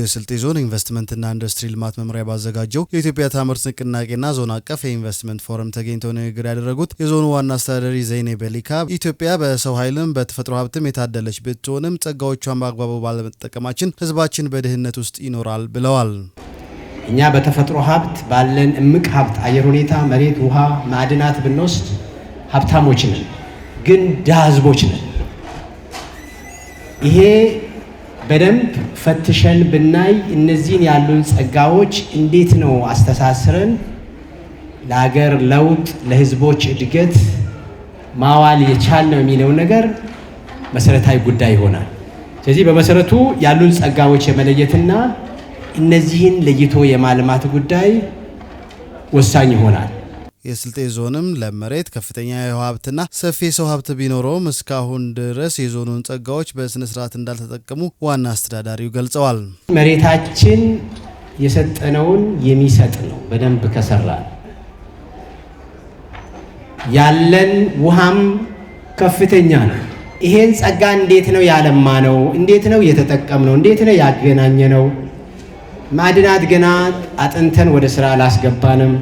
የስልጤ ዞን ኢንቨስትመንትና ኢንዱስትሪ ልማት መምሪያ ባዘጋጀው የኢትዮጵያ ታምርት ንቅናቄና ዞን አቀፍ የኢንቨስትመንት ፎረም ተገኝተው ንግግር ያደረጉት የዞኑ ዋና አስተዳደሪ ዘይኔ በሊካ ኢትዮጵያ በሰው ኃይልም በተፈጥሮ ሀብትም የታደለች ብትሆንም ጸጋዎቿን በአግባቡ ባለመጠቀማችን ህዝባችን በድህነት ውስጥ ይኖራል ብለዋል። እኛ በተፈጥሮ ሀብት ባለን እምቅ ሀብት አየር ሁኔታ፣ መሬት፣ ውሃ፣ ማዕድናት ብንወስድ ሀብታሞች ነን፣ ግን ድሃ ህዝቦች ነን። ይሄ በደንብ ፈትሸን ብናይ እነዚህን ያሉን ጸጋዎች እንዴት ነው አስተሳስረን ለሀገር ለውጥ ለህዝቦች እድገት ማዋል የቻልነው የሚለው ነገር መሰረታዊ ጉዳይ ይሆናል። ስለዚህ በመሰረቱ ያሉን ጸጋዎች የመለየትና እነዚህን ለይቶ የማልማት ጉዳይ ወሳኝ ይሆናል። የስልጤ ዞንም ለመሬት ከፍተኛ የውሃ ሀብትና ሰፊ የሰው ሀብት ቢኖረውም እስካሁን ድረስ የዞኑን ጸጋዎች በስነ ስርዓት እንዳልተጠቀሙ ዋና አስተዳዳሪው ገልጸዋል። መሬታችን የሰጠነውን የሚሰጥ ነው። በደንብ ከሰራ ያለን ውሃም ከፍተኛ ነው። ይሄን ጸጋ እንዴት ነው ያለማ ነው? እንዴት ነው የተጠቀም ነው? እንዴት ነው ያገናኘ ነው? ማዕድናት ገና አጥንተን ወደ ስራ አላስገባንም።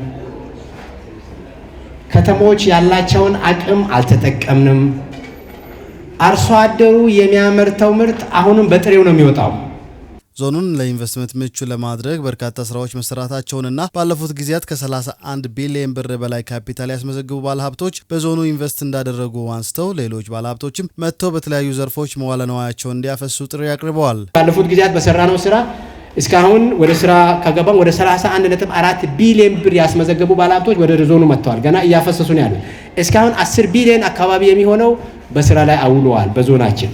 ከተሞች ያላቸውን አቅም አልተጠቀምንም። አርሶ አደሩ የሚያመርተው ምርት አሁንም በጥሬው ነው የሚወጣው። ዞኑን ለኢንቨስትመንት ምቹ ለማድረግ በርካታ ስራዎች መሰራታቸውንና ባለፉት ጊዜያት ከ31 ቢሊዮን ብር በላይ ካፒታል ያስመዘግቡ ባለሀብቶች በዞኑ ኢንቨስት እንዳደረጉ አንስተው ሌሎች ባለሀብቶችም መጥተው በተለያዩ ዘርፎች መዋለ ንዋያቸውን እንዲያፈሱ ጥሪ አቅርበዋል። ባለፉት ጊዜያት በሰራነው ስራ እስካሁን ወደ ስራ ከገባም ወደ 31.4 ቢሊዮን ብር ያስመዘገቡ ባለሀብቶች ወደ ዞኑ መጥተዋል። ገና እያፈሰሱ ነው ያሉት። እስካሁን 10 ቢሊዮን አካባቢ የሚሆነው በስራ ላይ አውለዋል። በዞናችን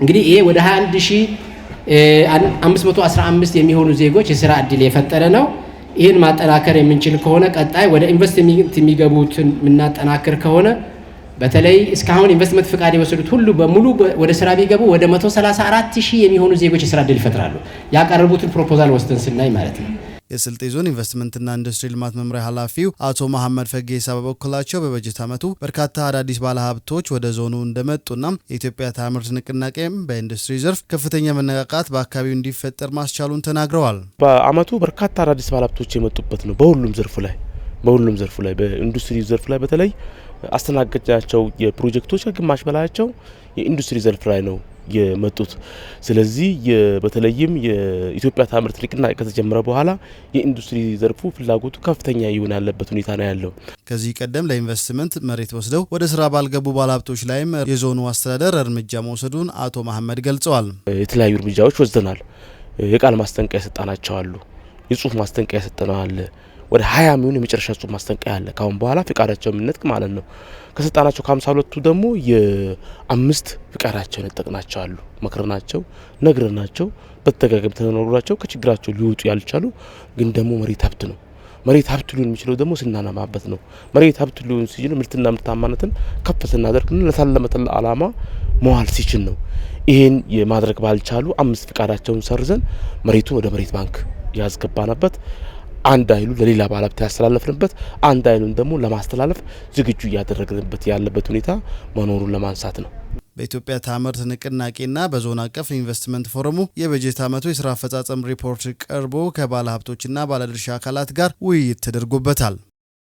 እንግዲህ ይሄ ወደ 21515 የሚሆኑ ዜጎች የስራ እድል የፈጠረ ነው። ይህን ማጠናከር የምንችል ከሆነ ቀጣይ ወደ ኢንቨስትመንት የሚገቡትን የምናጠናክር ከሆነ በተለይ እስካሁን ኢንቨስትመንት ፍቃድ የወሰዱት ሁሉ በሙሉ ወደ ስራ ቢገቡ ወደ 134 ሺህ የሚሆኑ ዜጎች የስራ እድል ይፈጥራሉ። ያቀረቡትን ፕሮፖዛል ወስደን ስናይ ማለት ነው። የስልጤ ዞን ኢንቨስትመንትና ኢንዱስትሪ ልማት መምሪያ ኃላፊው አቶ መሐመድ ፈጌሳ በበኩላቸው በበጀት ዓመቱ በርካታ አዳዲስ ባለሀብቶች ወደ ዞኑ እንደመጡና የኢትዮጵያ ታምርት ንቅናቄም በኢንዱስትሪ ዘርፍ ከፍተኛ መነቃቃት በአካባቢው እንዲፈጠር ማስቻሉን ተናግረዋል። በዓመቱ በርካታ አዳዲስ ባለሀብቶች የመጡበት ነው። በሁሉም ዘርፉ ላይ በሁሉም ዘርፉ ላይ በኢንዱስትሪ ዘርፍ ላይ በተለይ አስተናገጃቸው የፕሮጀክቶች ከግማሽ በላያቸው የኢንዱስትሪ ዘርፍ ላይ ነው የመጡት። ስለዚህ በተለይም የኢትዮጵያ ታምርት ንቅናቄ ከተጀመረ በኋላ የኢንዱስትሪ ዘርፉ ፍላጎቱ ከፍተኛ ይሆን ያለበት ሁኔታ ነው ያለው። ከዚህ ቀደም ለኢንቨስትመንት መሬት ወስደው ወደ ስራ ባልገቡ ባለሀብቶች ላይም የዞኑ አስተዳደር እርምጃ መውሰዱን አቶ መሀመድ ገልጸዋል። የተለያዩ እርምጃዎች ወስደናል። የቃል ማስጠንቀቂያ የሰጣናቸው አሉ። የጽሁፍ ማስጠንቀቂያ የሰጠነው አለ። ወደ ሀያ የሚሆኑ የመጨረሻ ጽሁፍ ማስጠንቀቂያ አለ። ካሁን በኋላ ፍቃዳቸው የምነጥቅ ማለት ነው። ከስልጣናቸው ከሀምሳ ሁለቱ ደግሞ የአምስት ፍቃዳቸው ነጠቅናቸው አሉ። መክረናቸው ነግረናቸው በተደጋጋሚ ተነግሯቸው ከችግራቸው ሊወጡ ያልቻሉ ግን ደግሞ መሬት ሀብት ነው። መሬት ሀብት ሊሆን የሚችለው ደግሞ ስናነባበት ነው። መሬት ሀብት ሊሆን ሲችል ምርትና ምርታማነትን ከፍ ስናደርግና ለታለመተለ አላማ መዋል ሲችል ነው። ይህን የማድረግ ባልቻሉ አምስት ፍቃዳቸውን ሰርዘን መሬቱን ወደ መሬት ባንክ ያስገባነበት አንድ አይሉ ለሌላ ባለሀብት ያስተላለፍንበት አንድ ኃይሉን ደግሞ ለማስተላለፍ ዝግጁ እያደረግንበት ያለበት ሁኔታ መኖሩን ለማንሳት ነው። በኢትዮጵያ ታምርት ንቅናቄና በዞን አቀፍ ኢንቨስትመንት ፎረሙ የበጀት ዓመቱ የስራ አፈጻጸም ሪፖርት ቀርቦ ከባለሀብቶችና ባለድርሻ አካላት ጋር ውይይት ተደርጎበታል።